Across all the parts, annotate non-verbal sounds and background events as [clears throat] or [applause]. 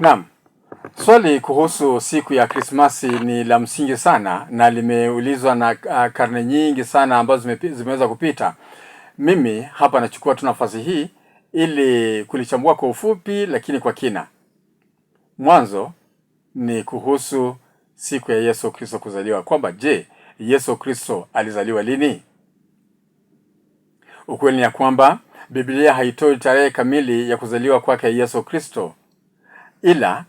Naam. Swali kuhusu siku ya Krismasi ni la msingi sana na limeulizwa na uh, karne nyingi sana ambazo zime, zimeweza kupita. Mimi hapa nachukua tu nafasi hii ili kulichambua kwa ufupi lakini kwa kina. Mwanzo ni kuhusu siku ya Yesu Kristo kuzaliwa, kwamba je, Yesu Kristo alizaliwa lini? Ukweli ni ya kwamba Biblia haitoi tarehe kamili ya kuzaliwa kwake Yesu Kristo ila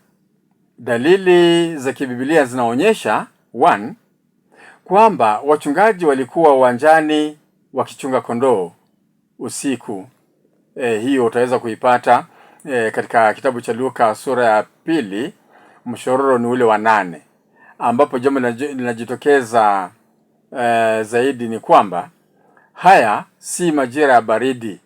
dalili za kibibilia zinaonyesha one, kwamba wachungaji walikuwa uwanjani wakichunga kondoo usiku. E, hiyo utaweza kuipata e, katika kitabu cha Luka sura ya pili mshororo ni ule wa nane, ambapo jambo linajitokeza e, zaidi ni kwamba haya si majira ya baridi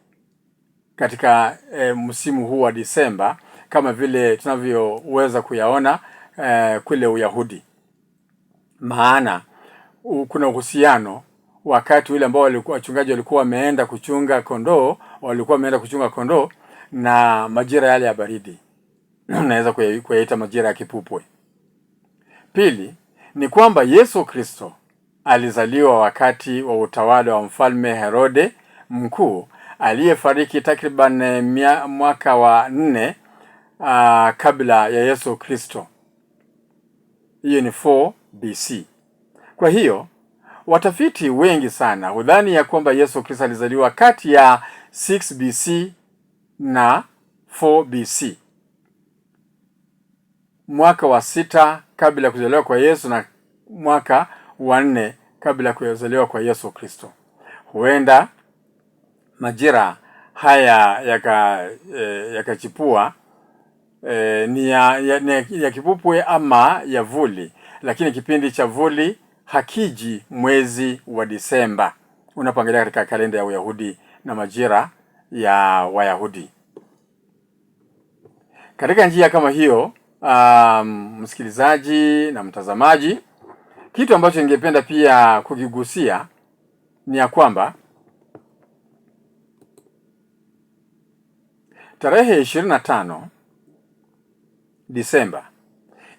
katika e, msimu huu wa Disemba kama vile tunavyoweza kuyaona eh, kule Uyahudi. Maana kuna uhusiano wakati ule ambao wachungaji walikuwa wameenda kuchunga kondoo, walikuwa wameenda kuchunga kondoo na majira yale ya baridi [clears throat] naweza kuyaita majira ya kipupwe. Pili ni kwamba Yesu Kristo alizaliwa wakati wa utawala wa mfalme Herode mkuu aliyefariki takriban eh, mwaka wa nne uh, kabla ya Yesu Kristo. Hiyo ni 4 BC. Kwa hiyo watafiti wengi sana hudhani ya kwamba Yesu Kristo alizaliwa kati ya 6 BC na 4 BC, mwaka wa sita kabla ya kuzaliwa kwa Yesu na mwaka wa nne kabla ya kuzaliwa kwa Yesu Kristo. Huenda majira haya eh, yakachipua yaka e, ni ya, ya, ya, ya kipupwe ama ya vuli, lakini kipindi cha vuli hakiji mwezi wa Disemba unapoangalia katika kalenda ya Uyahudi na majira ya Wayahudi. Katika njia kama hiyo, um, msikilizaji na mtazamaji, kitu ambacho ningependa pia kukigusia ni ya kwamba tarehe ishirini na tano Disemba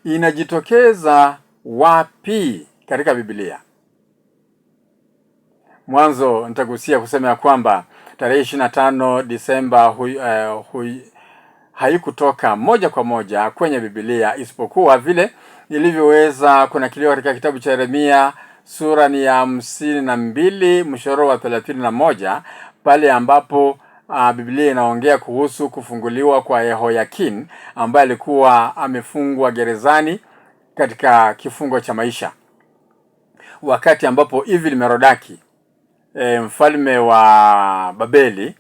inajitokeza wapi katika Biblia? Mwanzo nitagusia kusema ya kwamba tarehe ishirini na tano Disemba hui, uh, hui, haikutoka moja kwa moja kwenye Biblia isipokuwa vile ilivyoweza kunakiliwa katika kitabu cha Yeremia sura ni ya hamsini na mbili mshororo wa thelathini na moja pale ambapo uh, Biblia inaongea kuhusu kufunguliwa kwa Yehoyakin ambaye alikuwa amefungwa gerezani katika kifungo cha maisha, wakati ambapo Evil Merodaki e, mfalme wa Babeli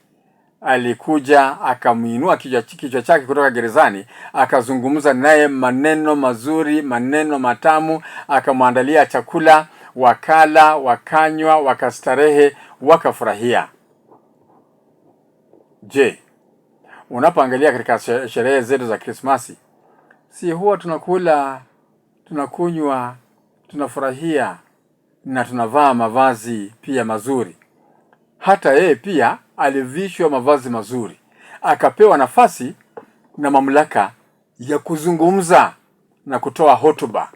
alikuja akamwinua kichwa, kichwa chake kutoka gerezani, akazungumza naye maneno mazuri, maneno matamu, akamwandalia chakula, wakala, wakanywa, wakastarehe, wakafurahia. Je, unapoangalia katika sherehe zetu za Krismasi, si huwa tunakula, tunakunywa, tunafurahia na tunavaa mavazi pia mazuri? Hata yeye pia alivishwa mavazi mazuri, akapewa nafasi na mamlaka ya kuzungumza na kutoa hotuba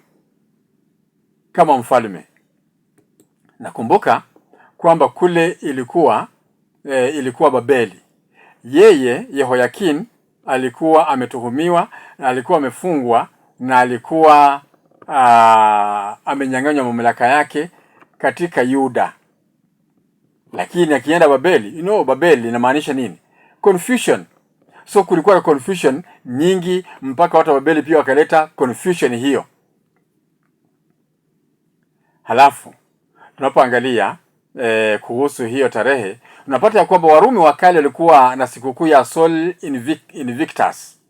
kama mfalme. Nakumbuka kwamba kule ilikuwa e, ilikuwa Babeli yeye Yehoyakin alikuwa ametuhumiwa na alikuwa amefungwa na alikuwa ah, amenyang'anywa mamlaka yake katika Yuda, lakini akienda Babeli, you know, Babeli inamaanisha nini? Confusion. So kulikuwa na confusion nyingi, mpaka watu wa Babeli pia wakaleta confusion hiyo. Halafu tunapoangalia eh, kuhusu hiyo tarehe unapata ya kwamba Warumi wa kale walikuwa na sikukuu ya Sol Invictus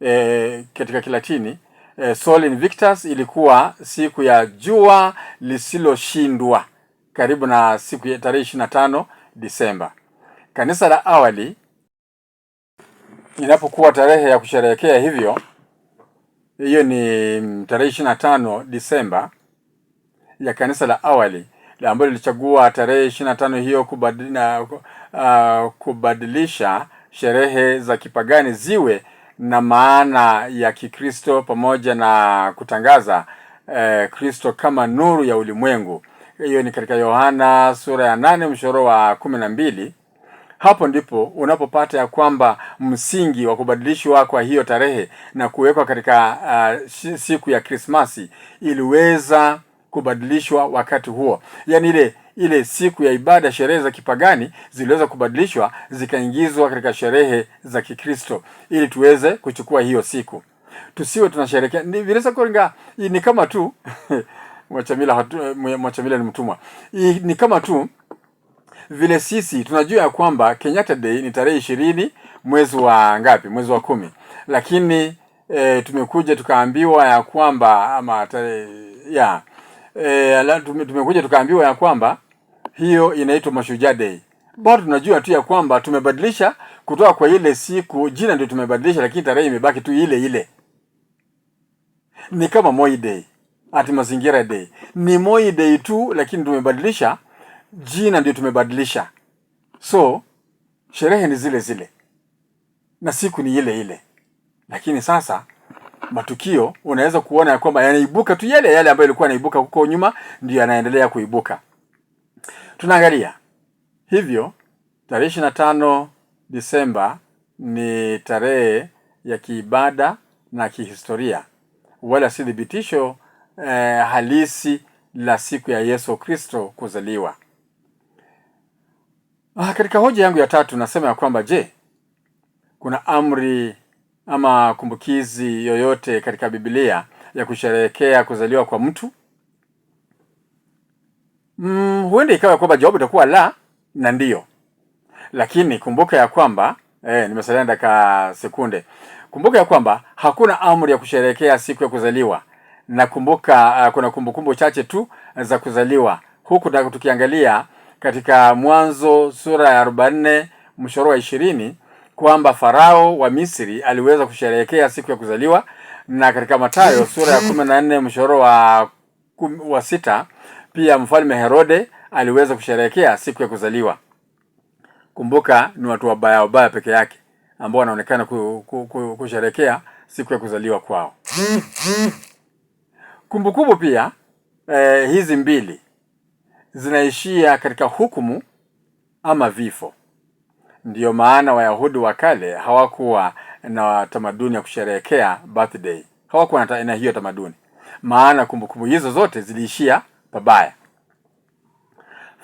e, katika Kilatini e, Sol Invictus ilikuwa siku ya jua lisiloshindwa karibu na siku ya tarehe ishirini na tano Disemba. Kanisa la awali inapokuwa tarehe ya kusherehekea hivyo, hiyo ni mm, tarehe ishirini na tano Disemba ya kanisa la awali ambayo lilichagua tarehe ishirini na tano hiyo kubadilina, uh, ah, kubadilisha sherehe za kipagani ziwe na maana ya Kikristo pamoja na kutangaza eh, Kristo kama nuru ya ulimwengu. Hiyo ni katika Yohana sura ya nane mshoro wa kumi na mbili. Hapo ndipo unapopata ya kwamba msingi wa kubadilishwa kwa hiyo tarehe na kuwekwa katika uh, siku ya Krismasi iliweza kubadilishwa wakati huo, yaani ile ile siku ya ibada, sherehe za kipagani ziliweza kubadilishwa zikaingizwa katika sherehe za Kikristo ili tuweze kuchukua hiyo siku, tusiwe tunasherekea. Vinaweza kuringa ni kama tu Mwachamila, [laughs] Mwachamila eh, ni mtumwa. Ni kama tu vile sisi tunajua ya kwamba Kenyatta Day ni tarehe ishirini mwezi wa ngapi? Mwezi wa kumi, lakini e, tumekuja tukaambiwa ya kwamba ama tarehe ya e, tumekuja tukaambiwa ya kwamba hiyo inaitwa Mashujaa Day. Bado tunajua tu ya kwamba tumebadilisha kutoka kwa ile siku, jina ndio tumebadilisha, lakini tarehe imebaki tu ile ile. Ni kama Moi Day, ati mazingira day, ni Moi Day tu, lakini tumebadilisha jina, ndio tumebadilisha. So sherehe ni zile zile na siku ni ile ile, lakini sasa matukio unaweza kuona ya kwamba yanaibuka tu yale yale ambayo ilikuwa yanaibuka huko nyuma, ndio yanaendelea kuibuka. Tunaangalia hivyo, tarehe ishirini na tano Disemba ni tarehe ya kiibada na kihistoria, wala si thibitisho eh, halisi la siku ya Yesu Kristo kuzaliwa. Ah, katika hoja yangu ya tatu nasema ya kwamba je, kuna amri ama kumbukizi yoyote katika Biblia ya kusherehekea kuzaliwa kwa mtu? Mm, huenda ikawa kwamba jawabu itakuwa la na ndiyo, lakini kumbuka ya kwamba eh, nimesalia dakika sekunde. Kumbuka ya kwamba hakuna amri ya kusherehekea siku ya kuzaliwa, na kumbuka uh, kuna kumbukumbu chache tu eh, za kuzaliwa, huku tukiangalia katika Mwanzo sura ya 44 mshoro wa ishirini kwamba Farao wa Misri aliweza kusherehekea siku ya kuzaliwa, na katika Mathayo sura ya kumi na nne mshoro wa, wa sita pia mfalme Herode aliweza kusherehekea siku ya kuzaliwa. Kumbuka ni watu wabaya wabaya peke yake ambao wanaonekana kusherehekea siku ya kuzaliwa kwao. Kumbukumbu pia eh, hizi mbili zinaishia katika hukumu ama vifo. Ndiyo maana Wayahudi wa kale hawakuwa na tamaduni ya kusherehekea birthday, hawakuwa na hiyo tamaduni, maana kumbukumbu hizo zote ziliishia pabaya.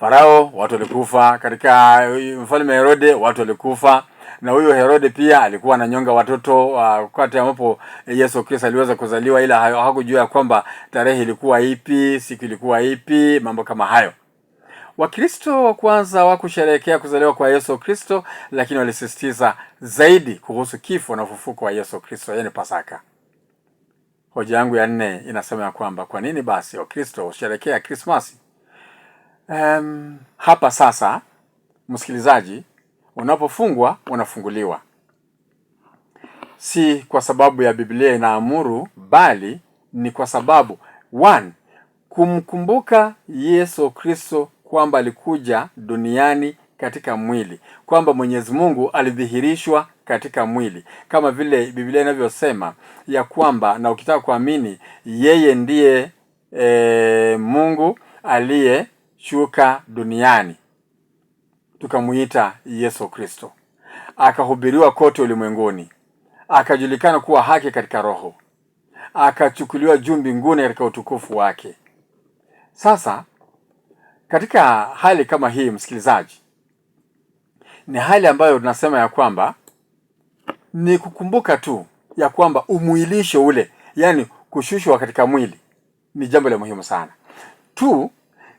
Farao watu walikufa, katika eh, mfalme Herode watu walikufa, na huyu Herode pia alikuwa ananyonga watoto wakati uh, ambapo Yesu Kristo aliweza kuzaliwa, ila hakujua kwamba tarehe ilikuwa ipi, siku ilikuwa ipi, mambo kama hayo. Wakristo wa kwanza hawakusherehekea kuzaliwa kwa Yesu Kristo, lakini walisisitiza zaidi kuhusu kifo na ufufuko wa Yesu Kristo, yaani Pasaka. Hoja yangu ya nne inasema ya kwamba kwa nini basi Wakristo husherekea Krismasi? Um, hapa sasa, msikilizaji, unapofungwa unafunguliwa, si kwa sababu ya Biblia inaamuru, bali ni kwa sababu one, kumkumbuka Yesu Kristo kwamba alikuja duniani katika mwili, kwamba Mwenyezi Mungu alidhihirishwa katika mwili, kama vile Biblia inavyosema ya kwamba, na ukitaka kuamini, yeye ndiye e, Mungu aliyeshuka duniani tukamuita Yesu Kristo, akahubiriwa kote ulimwenguni, akajulikana kuwa haki katika roho, akachukuliwa juu mbinguni katika utukufu wake. Sasa katika hali kama hii, msikilizaji, ni hali ambayo tunasema ya kwamba ni kukumbuka tu ya kwamba umwilisho ule, yani kushushwa katika mwili ni jambo la muhimu sana tu,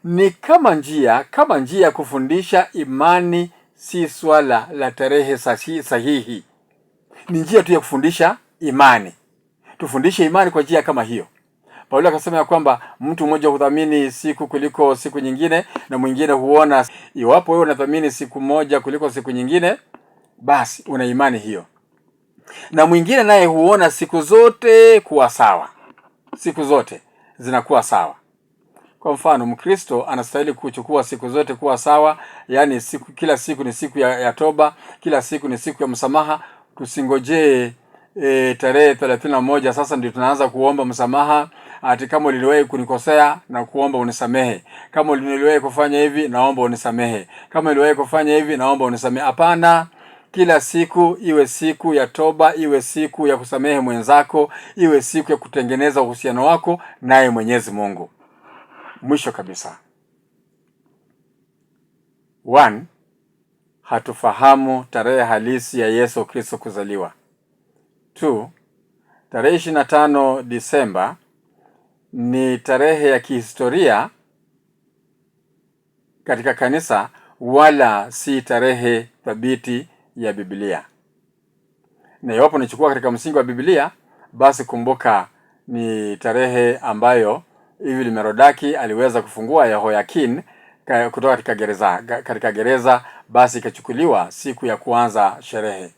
ni kama njia kama njia ya kufundisha imani, si swala la tarehe sahihi, ni njia tu ya kufundisha imani. Tufundishe imani kwa njia kama hiyo. Paulo akasema ya kwamba mtu mmoja hudhamini siku kuliko siku nyingine na mwingine huona. Iwapo wewe unathamini siku moja kuliko siku nyingine, basi una imani hiyo, na mwingine naye huona siku zote kuwa sawa, siku zote zinakuwa sawa. Kwa mfano, Mkristo anastahili kuchukua siku zote kuwa sawa, yaani siku, kila siku ni siku ya, ya toba, kila siku ni siku ya msamaha. Tusingojee e, tarehe thelathini na moja sasa ndio tunaanza kuomba msamaha ati kama uliliwahi kunikosea na kuomba unisamehe, kama uliliwahi kufanya hivi naomba unisamehe, kama uliwahi kufanya hivi naomba unisamehe. Hapana, kila siku iwe siku ya toba, iwe siku ya kusamehe mwenzako, iwe siku ya kutengeneza uhusiano wako naye Mwenyezi Mungu. Mwisho kabisa, one, hatufahamu tarehe halisi ya Yesu Kristo kuzaliwa. 2022 tarehe 25 Disemba ni tarehe ya kihistoria katika kanisa, wala si tarehe thabiti ya Biblia. Na iwapo nichukua katika msingi wa Biblia, basi kumbuka ni tarehe ambayo hivi limerodaki aliweza kufungua Yehoyakin kutoka katika gereza katika gereza, basi ikachukuliwa siku ya kuanza sherehe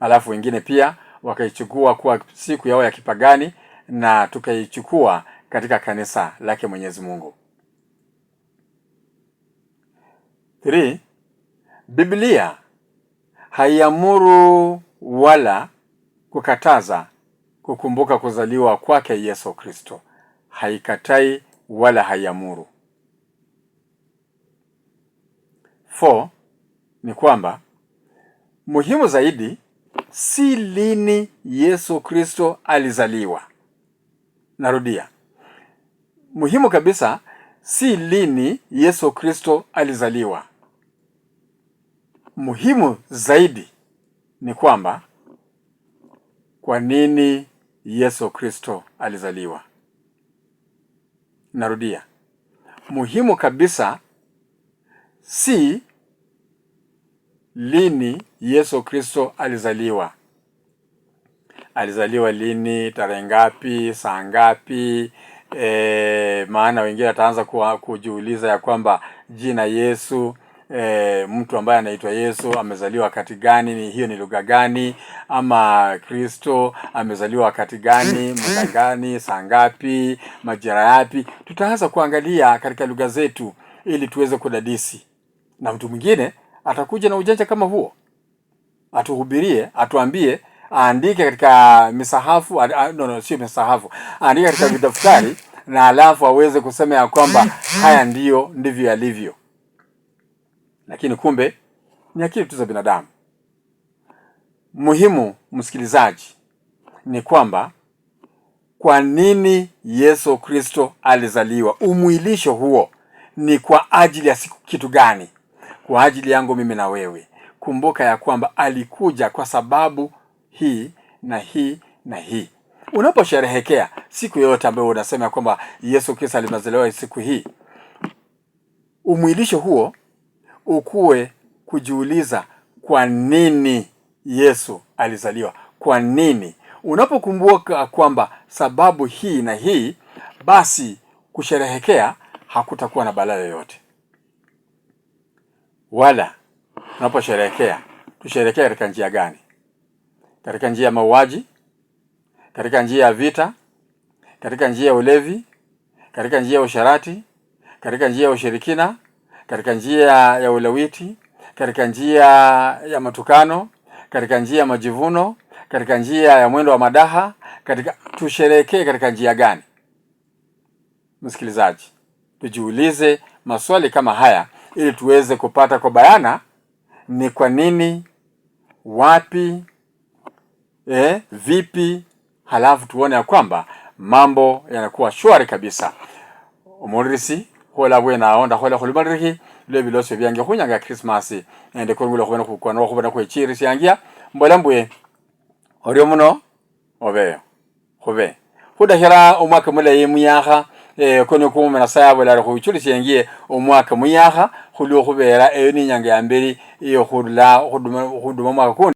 alafu wengine pia wakaichukua kuwa siku yao ya kipagani na tukaichukua katika kanisa lake Mwenyezi Mungu. Three, Biblia haiamuru wala kukataza kukumbuka kuzaliwa kwake Yesu Kristo. Haikatai wala haiamuru. Four, ni kwamba muhimu zaidi si lini Yesu Kristo alizaliwa. Narudia, muhimu kabisa, si lini Yesu Kristo alizaliwa. Muhimu zaidi ni kwamba kwa nini Yesu Kristo alizaliwa. Narudia, muhimu kabisa si lini Yesu Kristo alizaliwa. Alizaliwa lini, tarehe ngapi, saa ngapi? E, maana wengine wataanza kujiuliza ya kwamba jina Yesu E, mtu ambaye anaitwa Yesu amezaliwa wakati gani? Ni hiyo ni lugha gani? Ama Kristo amezaliwa wakati gani, muda gani, saa ngapi, majira yapi? Tutaanza kuangalia katika lugha zetu ili tuweze kudadisi na mtu mwingine atakuja na ujanja kama huo, atuhubirie, atuambie, aandike katika misahafu a, a, no, no, sio misahafu, aandike katika vidaftari na alafu aweze kusema ya kwamba haya ndiyo ndivyo yalivyo, lakini kumbe ni akili tu za binadamu. Muhimu msikilizaji, ni kwamba kwa nini Yesu Kristo alizaliwa? Umwilisho huo ni kwa ajili ya siku kitu gani? kwa ajili yangu mimi na wewe. Kumbuka ya kwamba alikuja kwa sababu hii na hii na hii. Unaposherehekea siku yoyote ambayo unasema kwamba Yesu Kristo alizaliwa siku hii, umwilisho huo ukuwe kujiuliza, kwa nini Yesu alizaliwa? Kwa nini? Unapokumbuka kwamba sababu hii na hii, basi kusherehekea hakutakuwa na balaa yoyote wala tunaposherekea tusherekee katika njia gani? Katika njia ya mauaji, katika njia ya vita, katika njia ya ulevi, katika njia ya usharati, katika njia ya ushirikina, katika njia ya ulawiti, katika njia ya matukano, katika njia ya majivuno, katika njia ya mwendo wa madaha, katika tusherekee katika njia gani? Msikilizaji, tujiulize maswali kama haya ili tuweze kupata kwa bayana ni kwa nini, wapi, eh, vipi, halafu tuone ya kwamba mambo yanakuwa shwari kabisa. omulirisi hola bwena hola ndakhola khulimalirikhi lwe bilosio byange khunyanga ya Christmas ende kurungula khubona khukwana okhubona khwechiirisi yangia mbola mbwe olio muno obeyo khube khudakhila omwaka mulayi muyakha eh, kono kumumena saaba olala khuichulisya omwaka muyakha khulwa khubera eyo ninyanga yamberi iyo khurula khuduma omwaka kundi